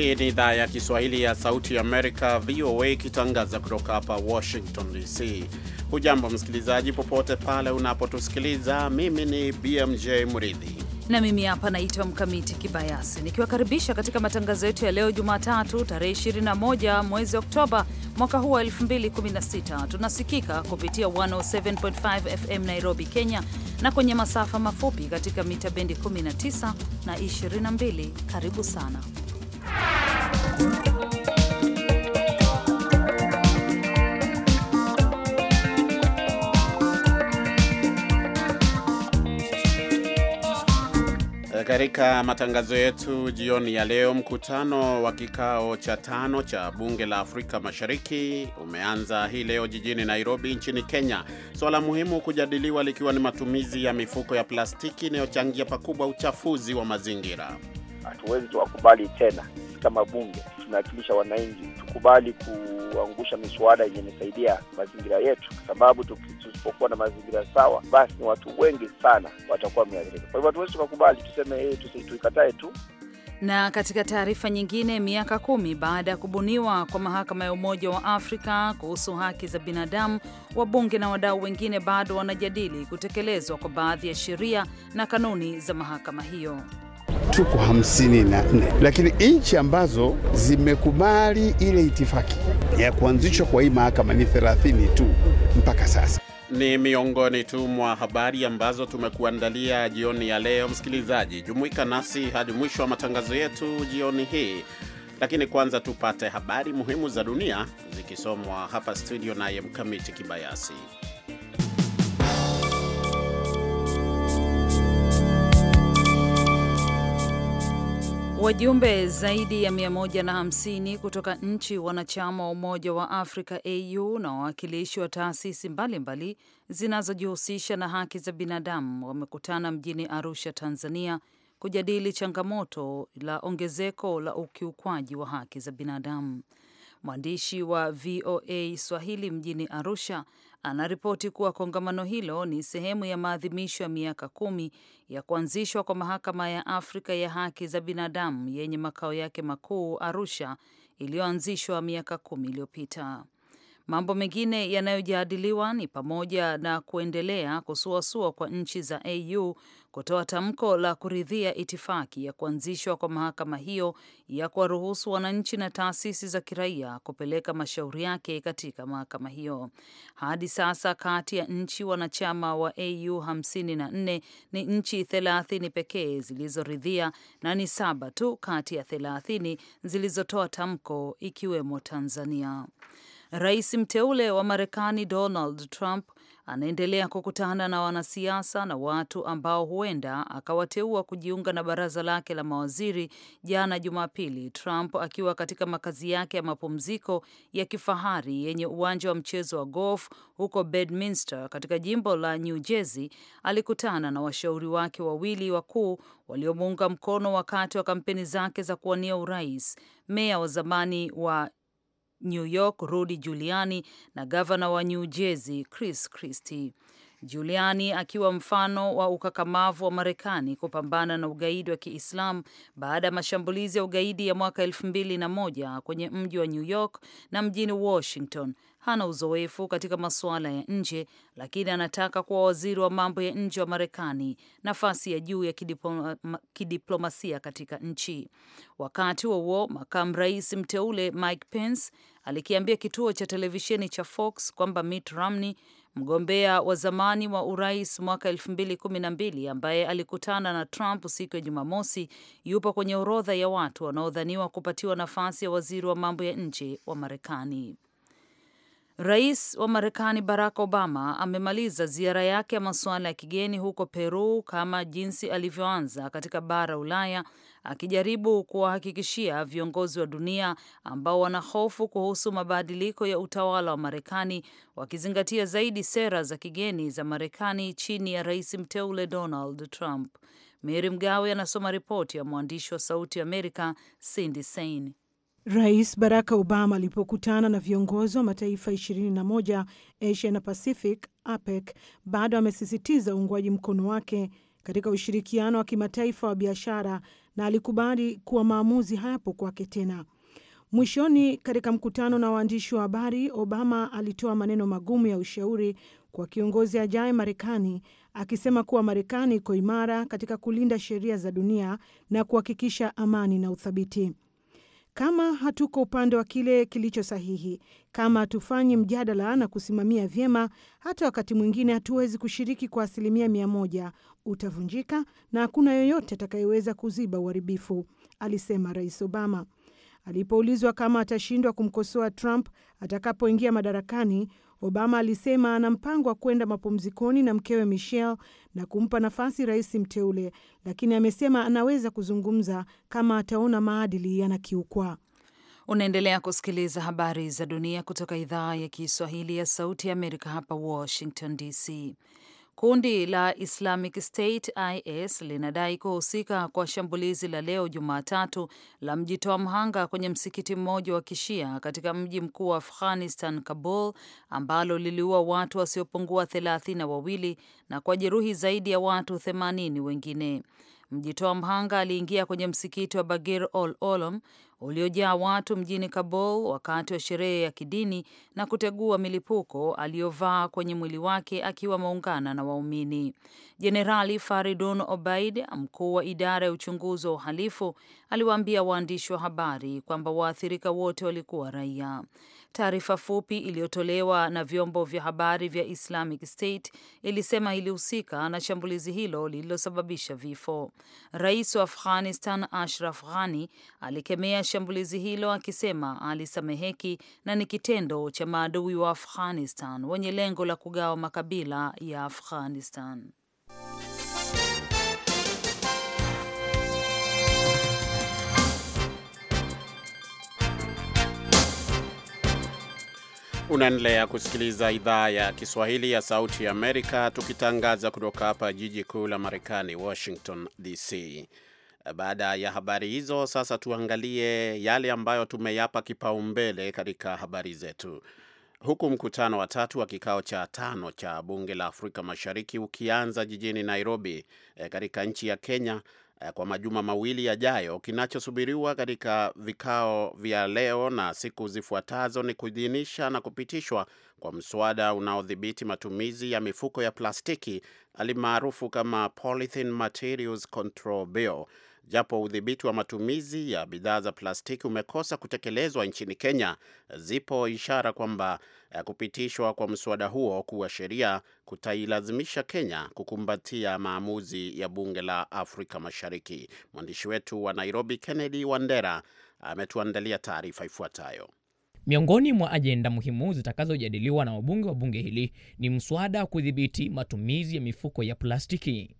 Hii ni idhaa ya Kiswahili ya Sauti Amerika, VOA, ikitangaza kutoka hapa Washington DC. Hujambo msikilizaji, popote pale unapotusikiliza. Mimi ni BMJ Muridhi na mimi hapa naitwa Mkamiti Kibayasi nikiwakaribisha katika matangazo yetu ya leo Jumatatu, tarehe 21 mwezi Oktoba mwaka huu wa 2016. Tunasikika kupitia 107.5 FM Nairobi, Kenya, na kwenye masafa mafupi katika mita bendi 19 na 22. Karibu sana Eh, katika matangazo yetu jioni ya leo, mkutano wa kikao cha tano cha bunge la Afrika Mashariki umeanza hii leo jijini Nairobi nchini Kenya, suala muhimu kujadiliwa likiwa ni matumizi ya mifuko ya plastiki inayochangia pakubwa uchafuzi wa mazingira. Hatuwezi tuwakubali tena katika mabunge tunawakilisha wananchi, tukubali kuangusha miswada yenye imesaidia mazingira yetu, kwa sababu tusipokuwa na mazingira sawa, basi ni watu wengi sana watakuwa wameathirika. Kwa hivyo hatuwezi tukakubali tuseme eh, tuikatae tu. Na katika taarifa nyingine, miaka kumi baada ya kubuniwa kwa mahakama ya Umoja wa Afrika kuhusu haki za binadamu, wabunge na wadau wengine bado wanajadili kutekelezwa kwa baadhi ya sheria na kanuni za mahakama hiyo tuko hamsini na nne, lakini nchi ambazo zimekubali ile itifaki ya kuanzishwa kwa hii mahakama ni thelathini tu mpaka sasa. Ni miongoni tu mwa habari ambazo tumekuandalia jioni ya leo. Msikilizaji, jumuika nasi hadi mwisho wa matangazo yetu jioni hii, lakini kwanza tupate habari muhimu za dunia zikisomwa hapa studio naye Mkamiti Kibayasi. Wajumbe zaidi ya 150 kutoka nchi wanachama wa Umoja wa Afrika AU na wawakilishi wa taasisi mbalimbali zinazojihusisha na haki za binadamu wamekutana mjini Arusha, Tanzania kujadili changamoto la ongezeko la ukiukwaji wa haki za binadamu. Mwandishi wa VOA Swahili mjini Arusha anaripoti kuwa kongamano hilo ni sehemu ya maadhimisho ya miaka kumi ya kuanzishwa kwa mahakama ya Afrika ya haki za binadamu yenye makao yake makuu Arusha, iliyoanzishwa miaka kumi iliyopita. Mambo mengine yanayojadiliwa ni pamoja na kuendelea kusuasua kwa nchi za AU kutoa tamko la kuridhia itifaki ya kuanzishwa kwa mahakama hiyo ya kuwaruhusu wananchi na taasisi za kiraia kupeleka mashauri yake katika mahakama hiyo. Hadi sasa kati ya nchi wanachama wa AU 54 ni nchi 30 pekee zilizoridhia na ni saba tu kati ya 30 zilizotoa tamko ikiwemo Tanzania. Rais mteule wa Marekani Donald Trump anaendelea kukutana na wanasiasa na watu ambao huenda akawateua kujiunga na baraza lake la mawaziri. Jana Jumapili, Trump akiwa katika makazi yake ya mapumziko ya kifahari yenye uwanja wa mchezo wa golf huko Bedminster katika jimbo la New Jersey, alikutana na washauri wake wawili wakuu waliomuunga mkono wakati wa kampeni zake za kuwania urais, meya wa zamani wa New York Rudy Giuliani na gavana wa New Jersey Chris Christie. juliani akiwa mfano wa ukakamavu wa Marekani kupambana na ugaidi wa Kiislamu baada ya mashambulizi ya ugaidi ya mwaka elfu mbili na moja kwenye mji wa New York na mjini Washington. Hana uzoefu katika masuala ya nje, lakini anataka kuwa waziri wa mambo ya nje wa Marekani, nafasi ya juu ya kidiploma, kidiplomasia katika nchi. Wakati huo huo, makamu rais mteule Mike Pence alikiambia kituo cha televisheni cha Fox kwamba Mitt Romney, mgombea wa zamani wa urais mwaka 2012 ambaye alikutana na Trump siku ya Jumamosi, yupo kwenye orodha ya watu wanaodhaniwa kupatiwa nafasi ya waziri wa mambo ya nje wa Marekani. Rais wa Marekani Barack Obama amemaliza ziara yake ya masuala ya kigeni huko Peru kama jinsi alivyoanza katika bara Ulaya, akijaribu kuwahakikishia viongozi wa dunia ambao wana hofu kuhusu mabadiliko ya utawala wa Marekani, wakizingatia zaidi sera za kigeni za Marekani chini ya rais mteule Donald Trump. mary Mgawe anasoma ripoti ya mwandishi wa Sauti Amerika Cindy Sein. Rais Barack Obama alipokutana na viongozi wa mataifa 21 Asia na Pacific, APEC, bado amesisitiza uungwaji mkono wake katika ushirikiano wa kimataifa wa biashara na alikubali kuwa maamuzi hayapo kwake tena. Mwishoni, katika mkutano na waandishi wa habari, Obama alitoa maneno magumu ya ushauri kwa kiongozi ajaye Marekani, akisema kuwa Marekani iko imara katika kulinda sheria za dunia na kuhakikisha amani na uthabiti. Kama hatuko upande wa kile kilicho sahihi, kama hatufanyi mjadala na kusimamia vyema, hata wakati mwingine hatuwezi kushiriki kwa asilimia mia moja. Utavunjika na hakuna yoyote atakayeweza kuziba uharibifu, alisema Rais Obama alipoulizwa kama atashindwa kumkosoa Trump atakapoingia madarakani. Obama alisema ana mpango wa kwenda mapumzikoni na mkewe Michelle na kumpa nafasi rais mteule, lakini amesema anaweza kuzungumza kama ataona maadili yanakiukwa. Unaendelea kusikiliza habari za dunia kutoka idhaa ya Kiswahili ya Sauti ya Amerika hapa Washington DC. Kundi la Islamic State IS linadai kuhusika kwa shambulizi la leo Jumatatu la mjitoa mhanga kwenye msikiti mmoja wa Kishia katika mji mkuu wa Afghanistan, Kabul, ambalo liliua watu wasiopungua thelathini na wawili na kwa jeruhi zaidi ya watu themanini wengine. Mjitoa mhanga aliingia kwenye msikiti wa Bagir Ol Olom uliojaa watu mjini Kabul wakati wa sherehe ya kidini na kutegua milipuko aliyovaa kwenye mwili wake akiwa ameungana na waumini. Jenerali Faridun Obaid, mkuu wa idara ya uchunguzi wa uhalifu, aliwaambia waandishi wa habari kwamba waathirika wote walikuwa raia. Taarifa fupi iliyotolewa na vyombo vya habari vya Islamic State ilisema ilihusika na shambulizi hilo lililosababisha vifo. Rais wa Afghanistan Ashraf Ghani alikemea shambulizi hilo akisema alisameheki na ni kitendo cha maadui wa Afghanistan wenye lengo la kugawa makabila ya Afghanistan. Unaendelea kusikiliza idhaa ya Kiswahili ya Sauti ya Amerika, tukitangaza kutoka hapa jiji kuu la Marekani, Washington DC. Baada ya habari hizo, sasa tuangalie yale ambayo tumeyapa kipaumbele katika habari zetu. Huku mkutano wa tatu wa kikao cha tano cha bunge la Afrika Mashariki ukianza jijini Nairobi, eh, katika nchi ya Kenya, Eh, kwa majuma mawili yajayo. Kinachosubiriwa katika vikao vya leo na siku zifuatazo ni kuidhinisha na kupitishwa kwa mswada unaodhibiti matumizi ya mifuko ya plastiki alimaarufu kama Polythene Materials Control Bill Japo udhibiti wa matumizi ya bidhaa za plastiki umekosa kutekelezwa nchini Kenya, zipo ishara kwamba eh, kupitishwa kwa mswada huo kuwa sheria kutailazimisha Kenya kukumbatia maamuzi ya bunge la Afrika Mashariki. Mwandishi wetu wa Nairobi, Kennedy Wandera, ametuandalia taarifa ifuatayo. Miongoni mwa ajenda muhimu zitakazojadiliwa na wabunge wa bunge hili ni mswada wa kudhibiti matumizi ya mifuko ya plastiki.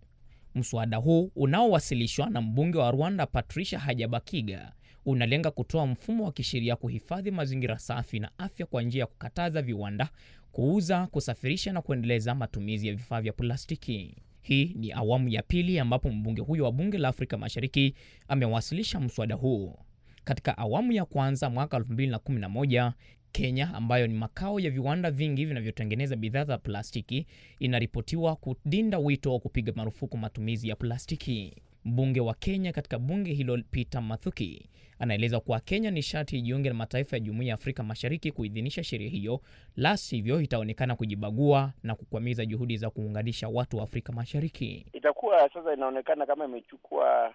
Mswada huu unaowasilishwa na mbunge wa Rwanda Patricia Hajabakiga unalenga kutoa mfumo wa kisheria kuhifadhi mazingira safi na afya kwa njia ya kukataza viwanda kuuza, kusafirisha na kuendeleza matumizi ya vifaa vya plastiki. Hii ni awamu ya pili ambapo mbunge huyo wa bunge la Afrika Mashariki amewasilisha mswada huu. Katika awamu ya kwanza mwaka 2011 Kenya ambayo ni makao ya viwanda vingi vinavyotengeneza bidhaa za plastiki inaripotiwa kudinda wito wa kupiga marufuku matumizi ya plastiki. Mbunge wa Kenya katika bunge hilo Peter Mathuki anaeleza kuwa Kenya ni sharti ijiunge na mataifa ya Jumuiya ya Afrika Mashariki kuidhinisha sheria hiyo, la sivyo itaonekana kujibagua na kukwamiza juhudi za kuunganisha watu wa Afrika Mashariki. Itakuwa sasa inaonekana kama imechukua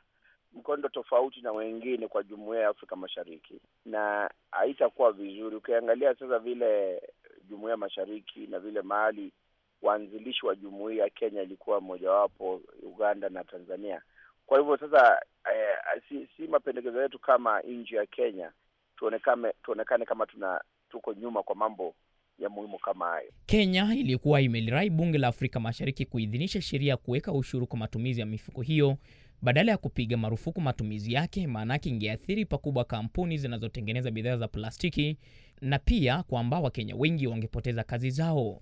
mkondo tofauti na wengine kwa jumuia ya Afrika Mashariki, na haitakuwa vizuri. Ukiangalia sasa vile jumuia mashariki na vile mahali waanzilishi wa jumuia ya Kenya ilikuwa mojawapo, Uganda na Tanzania. Kwa hivyo sasa eh, si, si mapendekezo yetu kama nchi ya Kenya tuonekane, tuonekane kama tuna tuko nyuma kwa mambo ya muhimu kama hayo. Kenya ilikuwa imelirai bunge la Afrika Mashariki kuidhinisha sheria ya kuweka ushuru kwa matumizi ya mifuko hiyo badala ya kupiga marufuku matumizi yake, maanake ingeathiri pakubwa kampuni zinazotengeneza bidhaa za plastiki na pia kwamba Wakenya wengi wangepoteza kazi zao.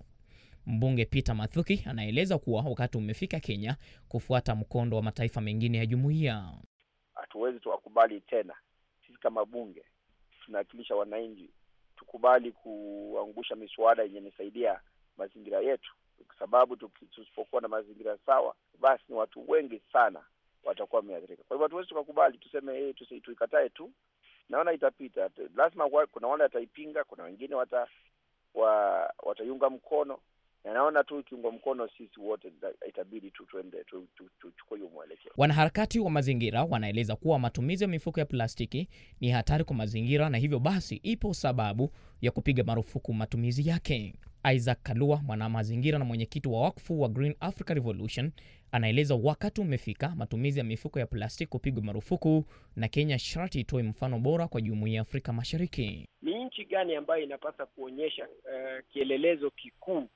Mbunge Peter Mathuki anaeleza kuwa wakati umefika Kenya kufuata mkondo wa mataifa mengine ya jumuiya. Hatuwezi tuwakubali tena, sisi kama bunge tunawakilisha wananchi, tukubali kuangusha miswada yenye imesaidia mazingira yetu, kwa sababu tusipokuwa na mazingira sawa, basi ni watu wengi sana watakuwa wameathirika. Kwa hivyo hatuwezi tukakubali tuseme eh, tuikatae tu, naona itapita. Lazima kuna wale wataipinga, kuna wengine wata wa, wataiunga mkono na naona tu ikiungwa mkono, sisi wote itabidi tu tuende tuchukue hiyo mwelekeo. Wanaharakati wa mazingira wanaeleza kuwa matumizi ya mifuko ya plastiki ni hatari kwa mazingira, na hivyo basi ipo sababu ya kupiga marufuku matumizi yake. Isaac Kalua, mwanamazingira na mwenyekiti wa wakfu wa Green Africa Revolution, anaeleza wakati umefika matumizi ya mifuko ya plastiki kupigwa marufuku na Kenya sharti itoe mfano bora kwa jumuiya ya Afrika Mashariki. Ni nchi gani ambayo inapasa kuonyesha uh, kielelezo kikuu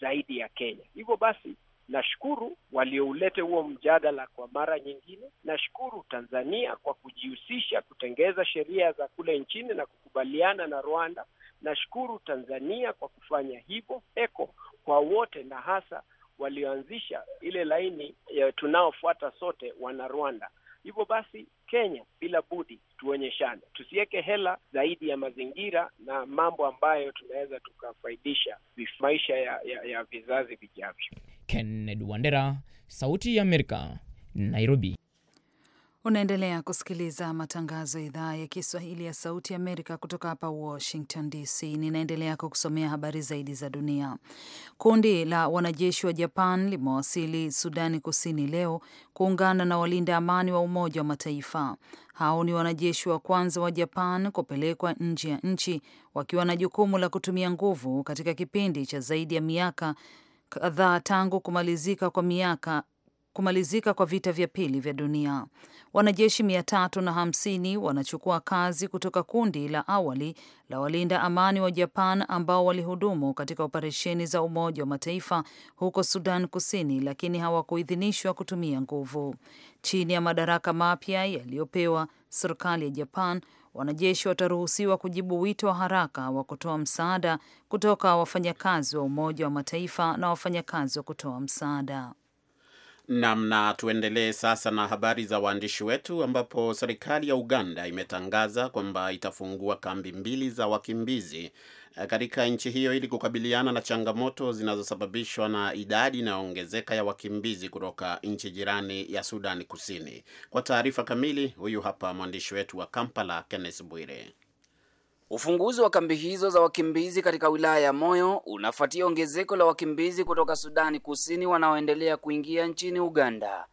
zaidi ya Kenya? Hivyo basi Nashukuru walioulete huo mjadala kwa mara nyingine. Nashukuru Tanzania kwa kujihusisha kutengeza sheria za kule nchini na kukubaliana na Rwanda. Nashukuru Tanzania kwa kufanya hivyo, ECO kwa wote na hasa walioanzisha ile laini tunaofuata sote wana Rwanda. Hivyo basi Kenya bila budi tuonyeshane, tusiweke hela zaidi ya mazingira na mambo ambayo tunaweza tukafaidisha maisha ya, ya, ya vizazi vijavyo. Kenneth Wandera, Sauti ya Amerika, Nairobi. Unaendelea kusikiliza matangazo ya idhaa ya Kiswahili ya Sauti Amerika kutoka hapa Washington DC. Ninaendelea kukusomea habari zaidi za dunia. Kundi la wanajeshi wa Japan limewasili Sudani Kusini leo kuungana na walinda amani wa Umoja wa Mataifa. Hao ni wanajeshi wa kwanza wa Japan kupelekwa nje ya nchi wakiwa na jukumu la kutumia nguvu katika kipindi cha zaidi ya miaka kadhaa tangu kumalizika kwa miaka kumalizika kwa vita vya pili vya dunia. Wanajeshi mia tatu na hamsini wanachukua kazi kutoka kundi la awali la walinda amani wa Japan ambao walihudumu katika operesheni za Umoja wa Mataifa huko Sudan Kusini, lakini hawakuidhinishwa kutumia nguvu. Chini ya madaraka mapya yaliyopewa serikali ya Japan, wanajeshi wataruhusiwa kujibu wito wa haraka wa kutoa msaada kutoka wafanyakazi wa Umoja wa Mataifa na wafanyakazi wa kutoa msaada. Namna tuendelee sasa na habari za waandishi wetu, ambapo serikali ya Uganda imetangaza kwamba itafungua kambi mbili za wakimbizi eh, katika nchi hiyo ili kukabiliana na changamoto zinazosababishwa na idadi inayoongezeka ya wakimbizi kutoka nchi jirani ya Sudani Kusini. Kwa taarifa kamili, huyu hapa mwandishi wetu wa Kampala, Kenneth Bwire. Ufunguzi wa kambi hizo za wakimbizi katika wilaya ya Moyo unafuatia ongezeko la wakimbizi kutoka Sudani Kusini wanaoendelea kuingia nchini Uganda.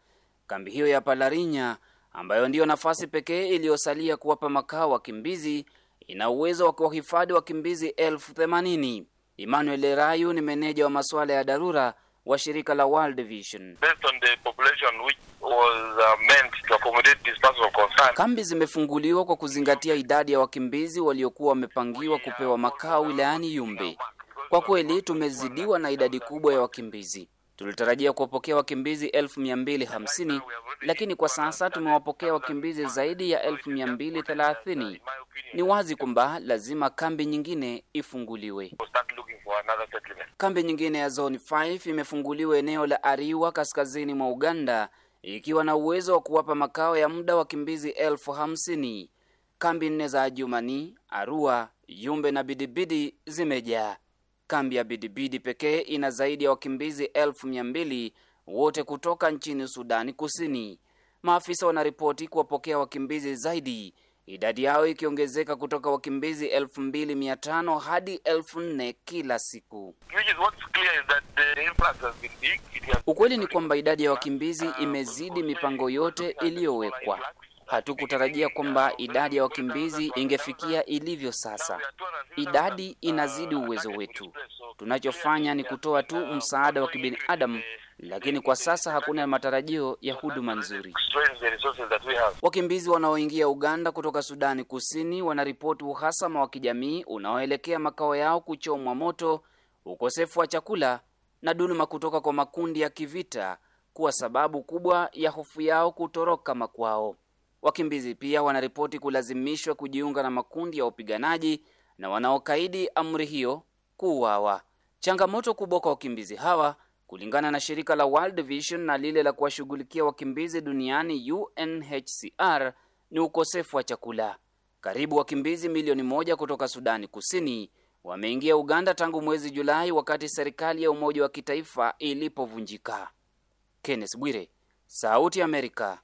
Kambi hiyo ya Palarinya ambayo ndiyo nafasi pekee iliyosalia kuwapa makao wakimbizi ina uwezo wa kuwahifadhi wakimbizi elfu themanini. Emmanuel Rayu ni meneja wa masuala ya dharura wa shirika la World Vision. Based on the population which was uh, meant to accommodate this concern. Kambi zimefunguliwa kwa kuzingatia idadi ya wakimbizi waliokuwa wamepangiwa kupewa makao wilayani Yumbi. Kwa kweli tumezidiwa na idadi kubwa ya wakimbizi. Tulitarajia kuwapokea wakimbizi 1250 lakini kwa sasa tumewapokea wakimbizi zaidi ya 1230. Ni wazi kwamba lazima kambi nyingine ifunguliwe. Kambi nyingine ya Zone 5 imefunguliwa eneo la Ariwa kaskazini mwa Uganda ikiwa na uwezo wa kuwapa makao ya muda wakimbizi elfu hamsini. Kambi nne za Ajumani, Arua, Yumbe na Bidibidi zimejaa. Kambi ya Bidibidi pekee ina zaidi ya wakimbizi elfu mia mbili wote kutoka nchini Sudani Kusini. Maafisa wanaripoti kuwapokea wakimbizi zaidi, idadi yao ikiongezeka kutoka wakimbizi elfu mbili mia tano hadi elfu nne kila siku. Ukweli ni kwamba idadi ya wakimbizi imezidi mipango yote iliyowekwa. Hatukutarajia kwamba idadi ya wakimbizi ingefikia ilivyo sasa idadi inazidi uwezo wetu. Tunachofanya ni kutoa tu msaada wa kibinadamu, lakini kwa sasa hakuna matarajio ya huduma nzuri. Wakimbizi wanaoingia Uganda kutoka Sudani Kusini wanaripoti uhasama wa kijamii unaoelekea makao yao kuchomwa moto, ukosefu wa chakula na dhuluma kutoka kwa makundi ya kivita kuwa sababu kubwa ya hofu yao kutoroka makwao. Wakimbizi pia wanaripoti kulazimishwa kujiunga na makundi ya upiganaji na wanaokaidi amri hiyo kuuawa. Changamoto kubwa kwa wakimbizi hawa, kulingana na shirika la World Vision na lile la kuwashughulikia wakimbizi duniani UNHCR, ni ukosefu wa chakula. Karibu wakimbizi milioni moja kutoka Sudani Kusini wameingia Uganda tangu mwezi Julai wakati serikali ya umoja wa kitaifa ilipovunjika. Kenneth Bwire, Sauti ya Amerika,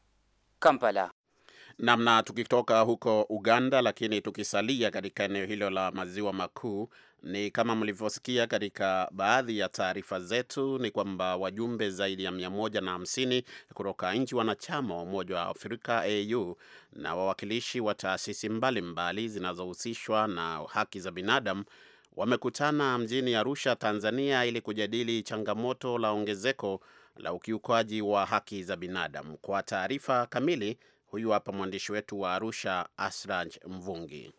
Kampala namna. Tukitoka huko Uganda, lakini tukisalia katika eneo hilo la maziwa makuu, ni kama mlivyosikia katika baadhi ya taarifa zetu, ni kwamba wajumbe zaidi ya mia moja na hamsini kutoka nchi wanachama wa Umoja wa Afrika AU na wawakilishi wa taasisi mbalimbali zinazohusishwa na haki za binadamu wamekutana mjini Arusha, Tanzania, ili kujadili changamoto la ongezeko la ukiukaji wa haki za binadamu. Kwa taarifa kamili Huyu hapa mwandishi wetu wa Arusha, Asraj Mvungi.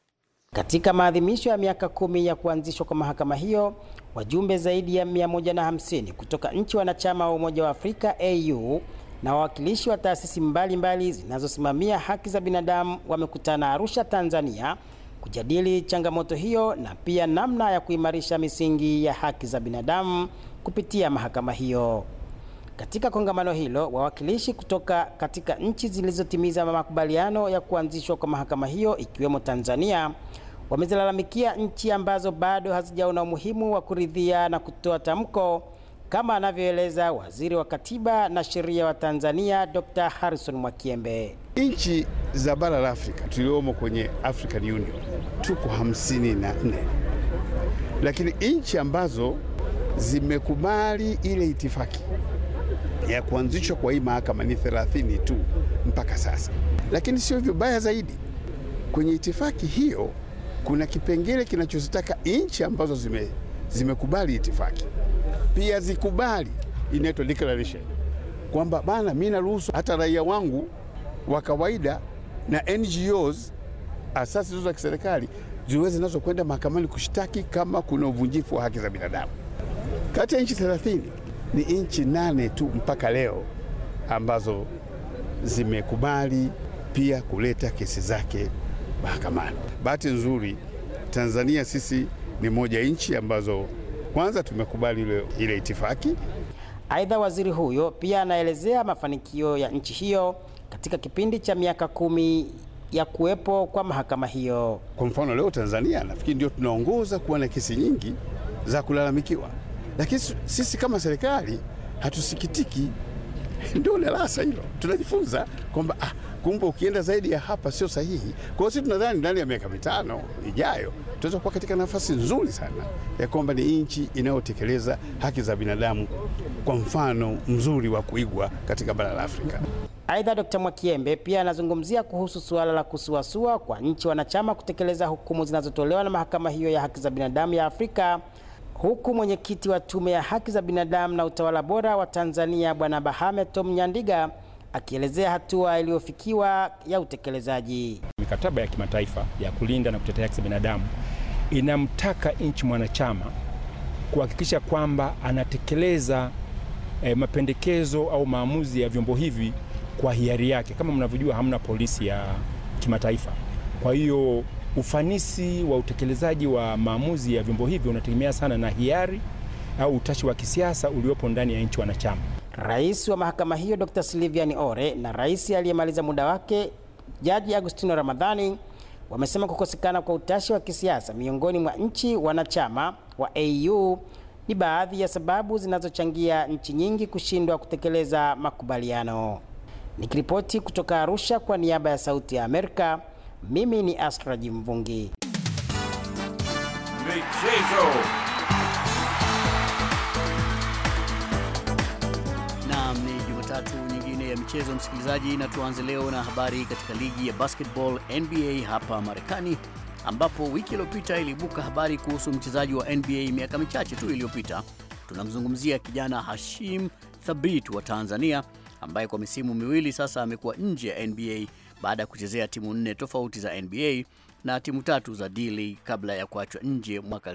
Katika maadhimisho ya miaka kumi ya kuanzishwa kwa mahakama hiyo, wajumbe zaidi ya 150 kutoka nchi wanachama wa Umoja wa Afrika AU na wawakilishi wa taasisi mbalimbali zinazosimamia haki za binadamu wamekutana Arusha, Tanzania kujadili changamoto hiyo na pia namna ya kuimarisha misingi ya haki za binadamu kupitia mahakama hiyo. Katika kongamano hilo, wawakilishi kutoka katika nchi zilizotimiza makubaliano ya kuanzishwa kwa mahakama hiyo ikiwemo Tanzania wamezilalamikia nchi ambazo bado hazijaona umuhimu wa kuridhia na kutoa tamko kama anavyoeleza Waziri wa Katiba na Sheria wa Tanzania Dr. Harrison Mwakiembe. Nchi za bara la Afrika tuliomo kwenye African Union tuko hamsini na nne, lakini nchi ambazo zimekubali ile itifaki ya kuanzishwa kwa hii mahakama ni 30 tu mpaka sasa. Lakini sio hivyo baya zaidi, kwenye itifaki hiyo kuna kipengele kinachozitaka nchi ambazo zime, zimekubali itifaki pia zikubali, inaitwa declaration kwamba bana, mimi naruhusu hata raia wangu wa kawaida na NGOs, asasi zote za kiserikali ziweze nazo kwenda mahakamani kushtaki kama kuna uvunjifu wa haki za binadamu. Kati ya nchi 30 ni nchi nane tu mpaka leo ambazo zimekubali pia kuleta kesi zake mahakamani. Bahati nzuri Tanzania sisi ni moja nchi ambazo kwanza tumekubali ile, ile itifaki. Aidha, waziri huyo pia anaelezea mafanikio ya nchi hiyo katika kipindi cha miaka kumi ya kuwepo kwa mahakama hiyo. Kwa mfano leo Tanzania nafikiri ndio tunaongoza kuwa na kesi nyingi za kulalamikiwa lakini sisi kama serikali hatusikitiki. Ndio darasa hilo tunajifunza kwamba ah, kumbe ukienda zaidi ya hapa sio sahihi. Kwa hiyo sisi tunadhani ndani ya miaka mitano ijayo tunaweza kuwa katika nafasi nzuri sana ya kwamba ni nchi inayotekeleza haki za binadamu kwa mfano mzuri wa kuigwa katika bara la Afrika. Aidha, Dkt. Mwakiembe pia anazungumzia kuhusu suala la kusuasua kwa nchi wanachama kutekeleza hukumu zinazotolewa na mahakama hiyo ya haki za binadamu ya Afrika huku mwenyekiti wa Tume ya Haki za Binadamu na Utawala Bora wa Tanzania Bwana Bahame Tom Nyandiga akielezea hatua iliyofikiwa ya utekelezaji. Mikataba ya kimataifa ya kulinda na kutetea haki za binadamu inamtaka nchi mwanachama kuhakikisha kwamba anatekeleza eh, mapendekezo au maamuzi ya vyombo hivi kwa hiari yake. Kama mnavyojua, hamna polisi ya kimataifa, kwa hiyo ufanisi wa utekelezaji wa maamuzi ya vyombo hivyo unategemea sana na hiari au utashi wa kisiasa uliopo ndani ya nchi wanachama. Rais wa mahakama hiyo Dr. Siliviani Ore na rais aliyemaliza muda wake Jaji Agustino Ramadhani wamesema kukosekana kwa utashi wa kisiasa miongoni mwa nchi wanachama wa AU ni baadhi ya sababu zinazochangia nchi nyingi kushindwa kutekeleza makubaliano. Nikiripoti kutoka Arusha kwa niaba ya Sauti ya Amerika. Mimi ni Asraji Mvungi. Michezo. ni jumatatu nyingine ya michezo msikilizaji, na tuanze leo na habari katika ligi ya basketball NBA hapa Marekani, ambapo wiki iliyopita iliibuka habari kuhusu mchezaji wa NBA miaka michache tu iliyopita. Tunamzungumzia kijana Hashim Thabit wa Tanzania ambaye kwa misimu miwili sasa amekuwa nje ya NBA baada ya kuchezea timu nne tofauti za NBA na timu tatu za D-League kabla ya kuachwa nje mwaka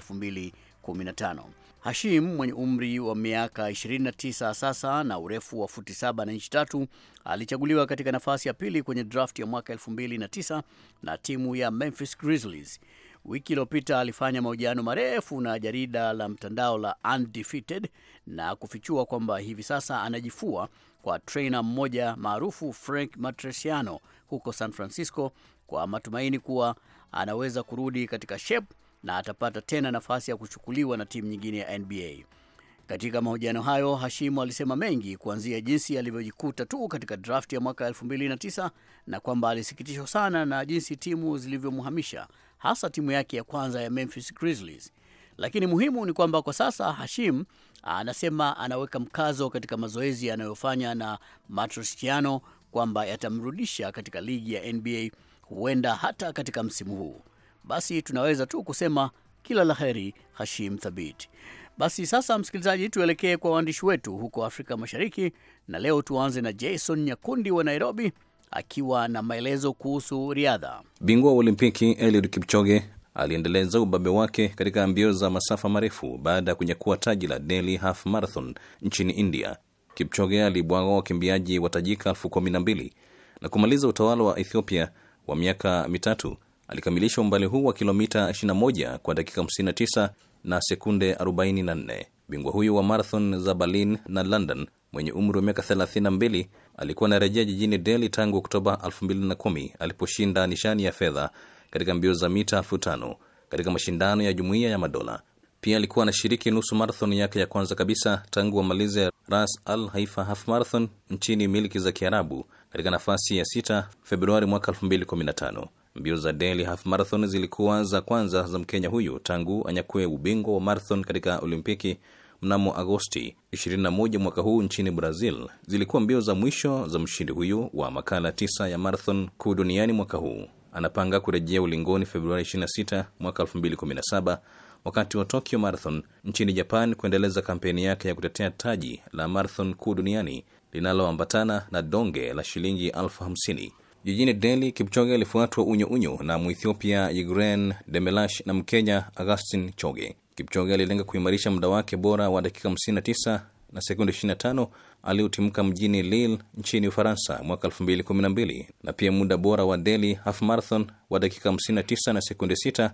2015. Hashim mwenye umri wa miaka 29 sasa na urefu wa futi 7 na inchi tatu alichaguliwa katika nafasi ya pili kwenye draft ya mwaka 2009 na timu ya Memphis Grizzlies. Wiki iliyopita alifanya mahojiano marefu na jarida la mtandao la Undefeated na kufichua kwamba hivi sasa anajifua kwa treina mmoja maarufu Frank Matresiano huko San Francisco kwa matumaini kuwa anaweza kurudi katika shape na atapata tena nafasi ya kuchukuliwa na timu nyingine ya NBA. Katika mahojiano hayo, Hashimu alisema mengi kuanzia jinsi alivyojikuta tu katika draft ya mwaka 2009 na kwamba alisikitishwa sana na jinsi timu zilivyomhamisha, hasa timu yake ya kwanza ya Memphis Grizzlies. Lakini muhimu ni kwamba kwa sasa Hashim anasema anaweka mkazo katika mazoezi anayofanya na Matroschiano kwamba yatamrudisha katika ligi ya NBA, huenda hata katika msimu huu. Basi tunaweza tu kusema kila la heri Hashim Thabit. Basi sasa, msikilizaji, tuelekee kwa waandishi wetu huko Afrika Mashariki, na leo tuanze na Jason Nyakundi wa Nairobi akiwa na maelezo kuhusu riadha. Bingwa wa Olimpiki Eliud Kipchoge aliendeleza ubabe wake katika mbio za masafa marefu baada ya kunyakua taji la Delhi Half Marathon nchini India. Kipchoge alibwaga wakimbiaji wa tajika elfu kumi na mbili na kumaliza utawala wa Ethiopia wa miaka mitatu. Alikamilisha umbali huu wa kilomita 21 kwa dakika 59 na sekunde 44. Bingwa huyo wa marathon za Berlin na London mwenye umri wa miaka 32 alikuwa anarejea jijini Delhi tangu Oktoba 2010 aliposhinda nishani ya fedha katika mbio za mita elfu tano katika mashindano ya Jumuiya ya Madola. Pia alikuwa anashiriki nusu marathon yake ya kwanza kabisa tangu amalize Ras Al Haifa Half Marathon nchini Milki za Kiarabu katika nafasi ya sita Februari mwaka 2015. Mbio za Delhi Half Marathon zilikuwa za kwanza za Mkenya huyu tangu anyakue ubingwa wa marathon katika Olimpiki mnamo Agosti 21 mwaka huu nchini Brazil. Zilikuwa mbio za mwisho za mshindi huyu wa makala tisa ya marathon kuu duniani mwaka huu anapanga kurejea ulingoni Februari 26 mwaka 2017 wakati wa Tokyo Marathon nchini Japan kuendeleza kampeni yake ya kutetea taji la marathon kuu duniani linaloambatana na donge la shilingi 50 Jijini deli Kipchoge alifuatwa unyo unyo na muethiopia Yigren Demelash na Mkenya Augustin Choge. Kipchoge alilenga kuimarisha muda wake bora wa dakika 59 na sekunde 25 aliyotimka mjini Lille nchini Ufaransa mwaka 2012 na pia muda bora wa Delhi half marathon wa dakika 59 na sekunde 6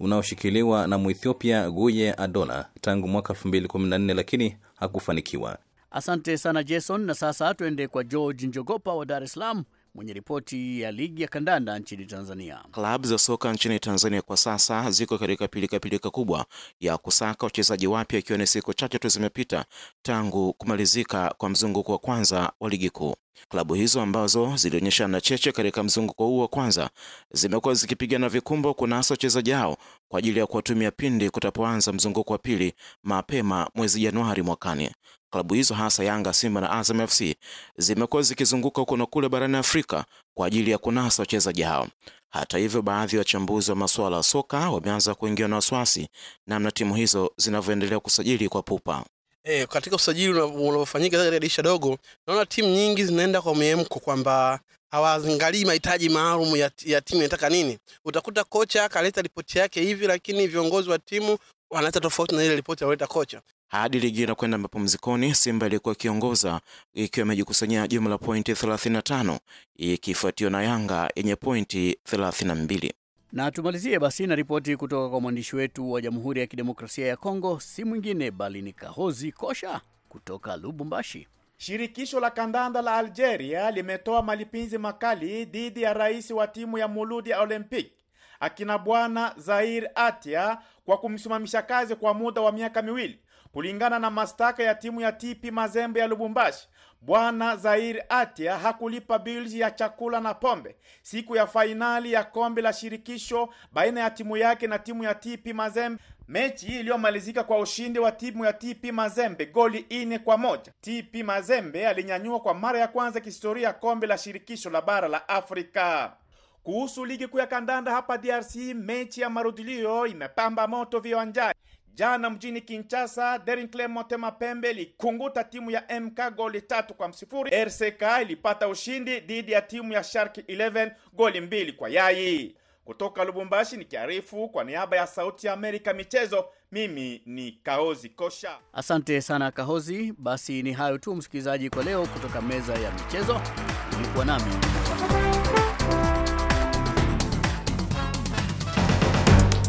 unaoshikiliwa na Muethiopia Guye Adola tangu mwaka 2014 lakini hakufanikiwa. Asante sana Jason, na sasa tuende kwa George Njogopa wa Dar es Salaam mwenye ripoti ya ligi ya kandanda nchini Tanzania. Klabu za soka nchini Tanzania kwa sasa ziko katika pilikapilika kubwa ya kusaka wachezaji wapya, ikiwa ni siku chache tu zimepita tangu kumalizika kwa mzunguko wa kwanza wa ligi kuu. Klabu hizo ambazo zilionyesha na cheche katika mzunguko huu wa kwanza zimekuwa zikipigana vikumbo kunasa wachezaji hao kwa ajili ya kuwatumia pindi kutapoanza mzunguko wa pili mapema mwezi Januari mwakani. Klabu hizo hasa Yanga, Simba na Azam FC zimekuwa zikizunguka huko na kule barani Afrika kwa ajili ya kunasa wachezaji hao. Hata hivyo, baadhi ya wachambuzi wa masuala ya soka wameanza kuingia na wasiwasi namna timu hizo zinavyoendelea kusajili kwa pupa. E, katika usajili unaofanyika katika dirisha dogo, naona timu nyingi zinaenda kwa miemko kwamba hawazingalii mahitaji maalum ya, ya timu inataka nini. Utakuta kocha akaleta ripoti yake hivi, lakini viongozi wa timu wanaleta tofauti na ile ripoti alileta kocha. Hadi ligi inakwenda mapumzikoni, Simba ilikuwa ikiongoza ikiwa imejikusanyia jumla la pointi 35 ikifuatiwa na Yanga yenye pointi 32. Na tumalizie basi na ripoti kutoka kwa mwandishi wetu wa Jamhuri ya Kidemokrasia ya Kongo, si mwingine bali ni Kahozi Kosha kutoka Lubumbashi. Shirikisho la kandanda la Algeria limetoa malipinzi makali dhidi ya rais wa timu ya Muludi ya Olympic akina bwana Zair Atia kwa kumsimamisha kazi kwa muda wa miaka miwili Kulingana na mashtaka ya timu ya TP Mazembe ya Lubumbashi, Bwana Zair Atia hakulipa bili ya chakula na pombe siku ya fainali ya kombe la shirikisho baina ya timu yake na timu ya TP Mazembe, mechi iliyomalizika kwa ushindi wa timu ya TP Mazembe goli ine kwa moja. TP Mazembe alinyanyua kwa mara ya kwanza kihistoria ya kombe la shirikisho la bara la Afrika. Kuhusu ligi kuu ya kandanda hapa DRC, mechi ya marudilio imepamba moto viwanjani. Jana mjini Kinshasa, Daring Club Mapembe likunguta timu ya MK goli tatu kwa msifuri. RCK ilipata ushindi dhidi ya timu ya Shark 11 goli mbili kwa yai. Kutoka Lubumbashi nikiarifu kwa niaba ya Sauti ya Amerika michezo, mimi ni Kaozi Kosha. Asante sana Kaozi. Basi ni hayo tu msikilizaji kwa leo, kutoka meza ya michezo, ilikuwa nami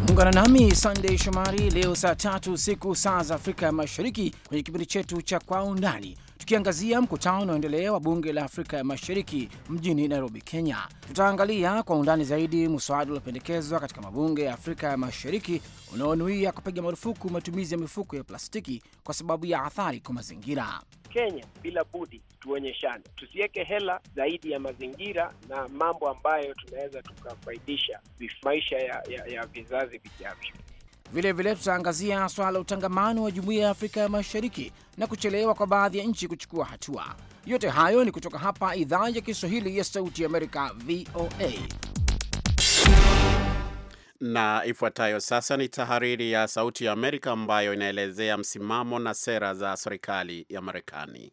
Ungana nami Sunday Shomari leo saa tatu usiku saa za Afrika ya Mashariki kwenye kipindi chetu cha Kwa Undani tukiangazia mkutano unaoendelea wa bunge la Afrika ya Mashariki mjini Nairobi, Kenya. Tutaangalia kwa undani zaidi mswada uliopendekezwa katika mabunge ya Afrika ya Mashariki unaonuia kupiga marufuku matumizi ya mifuko ya plastiki kwa sababu ya athari kwa mazingira. Kenya bila budi tuonyeshane, tusiweke hela zaidi ya mazingira na mambo ambayo tunaweza tukafaidisha maisha ya, ya, ya vizazi vijavyo. Vilevile tutaangazia swala la utangamano wa jumuiya ya Afrika ya Mashariki na kuchelewa kwa baadhi ya nchi kuchukua hatua. Yote hayo ni kutoka hapa idhaa ya Kiswahili ya Sauti ya Amerika, VOA. Na ifuatayo sasa ni tahariri ya Sauti ya Amerika ambayo inaelezea msimamo na sera za serikali ya Marekani.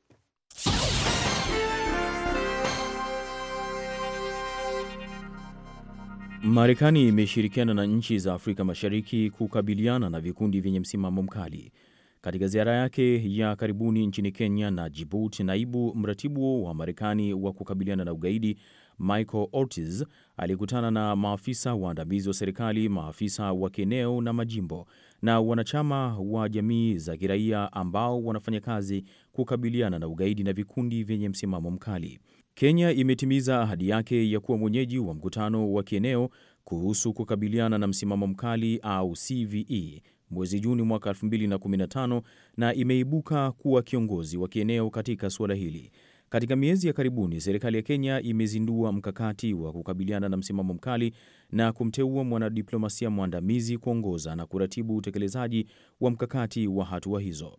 Marekani imeshirikiana na nchi za Afrika Mashariki kukabiliana na vikundi vyenye msimamo mkali. Katika ziara yake ya karibuni nchini Kenya na jibut naibu mratibu wa Marekani wa kukabiliana na ugaidi Michael Ortiz alikutana na maafisa waandamizi wa serikali, maafisa wa kieneo na majimbo na wanachama wa jamii za kiraia ambao wanafanya kazi kukabiliana na ugaidi na vikundi vyenye msimamo mkali. Kenya imetimiza ahadi yake ya kuwa mwenyeji wa mkutano wa kieneo kuhusu kukabiliana na msimamo mkali au CVE mwezi Juni mwaka 2015 na imeibuka kuwa kiongozi wa kieneo katika suala hili. Katika miezi ya karibuni, serikali ya Kenya imezindua mkakati wa kukabiliana na msimamo mkali na kumteua mwanadiplomasia mwandamizi kuongoza na kuratibu utekelezaji wa mkakati wa hatua hizo.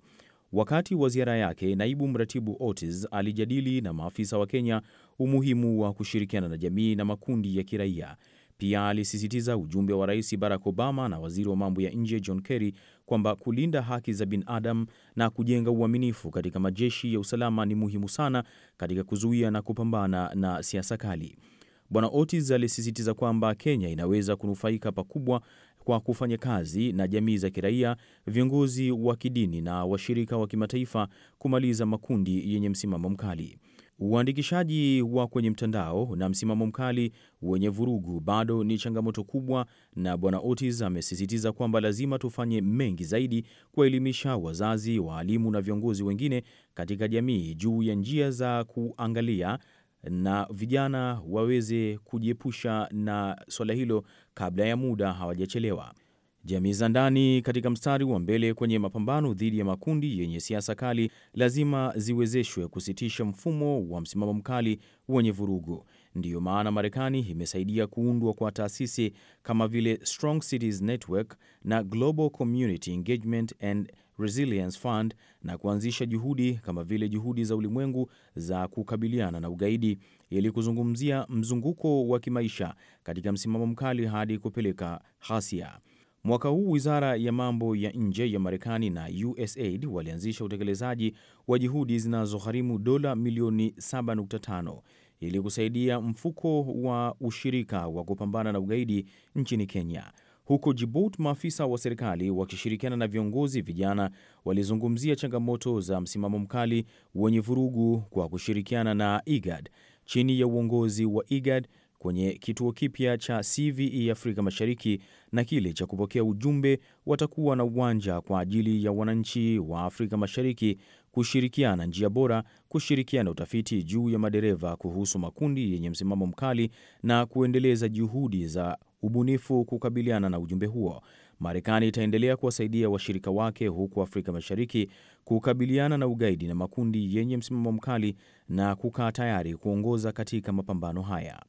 Wakati wa ziara yake, naibu mratibu Otis alijadili na maafisa wa Kenya umuhimu wa kushirikiana na jamii na makundi ya kiraia. Pia alisisitiza ujumbe wa Rais Barack Obama na waziri wa mambo ya nje John Kerry kwamba kulinda haki za binadamu na kujenga uaminifu katika majeshi ya usalama ni muhimu sana katika kuzuia na kupambana na siasa kali. Bwana Otis alisisitiza kwamba Kenya inaweza kunufaika pakubwa kwa kufanya kazi na jamii za kiraia, viongozi wa kidini na washirika wa kimataifa kumaliza makundi yenye msimamo mkali. Uandikishaji wa kwenye mtandao na msimamo mkali wenye vurugu bado ni changamoto kubwa, na Bwana Otis amesisitiza kwamba lazima tufanye mengi zaidi kuwaelimisha wazazi, waalimu na viongozi wengine katika jamii juu ya njia za kuangalia na vijana waweze kujiepusha na swala hilo kabla ya muda hawajachelewa. Jamii za ndani katika mstari wa mbele kwenye mapambano dhidi ya makundi yenye siasa kali lazima ziwezeshwe kusitisha mfumo wa msimamo mkali wenye vurugu. Ndiyo maana Marekani imesaidia kuundwa kwa taasisi kama vile Strong Cities Network na Global Community Engagement and Resilience Fund na kuanzisha juhudi kama vile juhudi za ulimwengu za kukabiliana na ugaidi ili kuzungumzia mzunguko wa kimaisha katika msimamo mkali hadi kupeleka ghasia. Mwaka huu wizara ya mambo ya nje ya Marekani na USAID walianzisha utekelezaji wa juhudi zinazogharimu dola milioni 7.5 ili kusaidia mfuko wa ushirika wa kupambana na ugaidi nchini Kenya. Huko Jibut, maafisa wa serikali wakishirikiana na viongozi vijana walizungumzia changamoto za msimamo mkali wenye vurugu kwa kushirikiana na IGAD chini ya uongozi wa IGAD kwenye kituo kipya cha CVE Afrika Mashariki na kile cha kupokea ujumbe. Watakuwa na uwanja kwa ajili ya wananchi wa Afrika Mashariki kushirikiana njia bora, kushirikiana utafiti juu ya madereva kuhusu makundi yenye msimamo mkali na kuendeleza juhudi za ubunifu kukabiliana na ujumbe huo. Marekani itaendelea kuwasaidia washirika wake huku Afrika Mashariki kukabiliana na ugaidi na makundi yenye msimamo mkali na kukaa tayari kuongoza katika mapambano haya.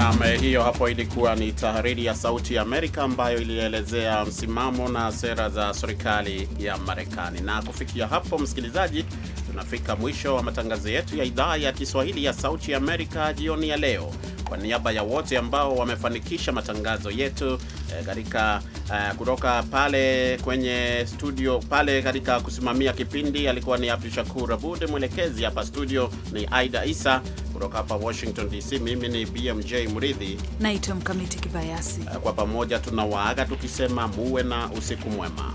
Naam, eh, hiyo hapo ilikuwa ni tahariri ya Sauti ya Amerika ambayo ilielezea msimamo na sera za serikali ya Marekani. Na kufikia hapo, msikilizaji, tunafika mwisho wa matangazo yetu ya idhaa ya Kiswahili ya Sauti ya Amerika jioni ya leo. Kwa niaba ya wote ambao wamefanikisha matangazo yetu eh, katika e, e, kutoka pale kwenye studio pale, katika kusimamia kipindi alikuwa ni Abdu Shakur Abud, mwelekezi hapa studio ni Aida Isa kutoka hapa Washington DC, mimi ni BMJ Mridhi, naitwa Mkamiti Kibayasi. Kwa pamoja tunawaaga tukisema muwe na usiku mwema.